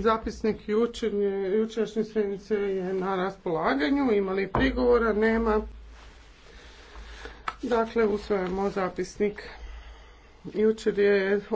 Zapisnik jučerašnje sjednice je na raspolaganju. Ima li prigovora? Nema. Dakle, usvajamo zapisnik. Jučer je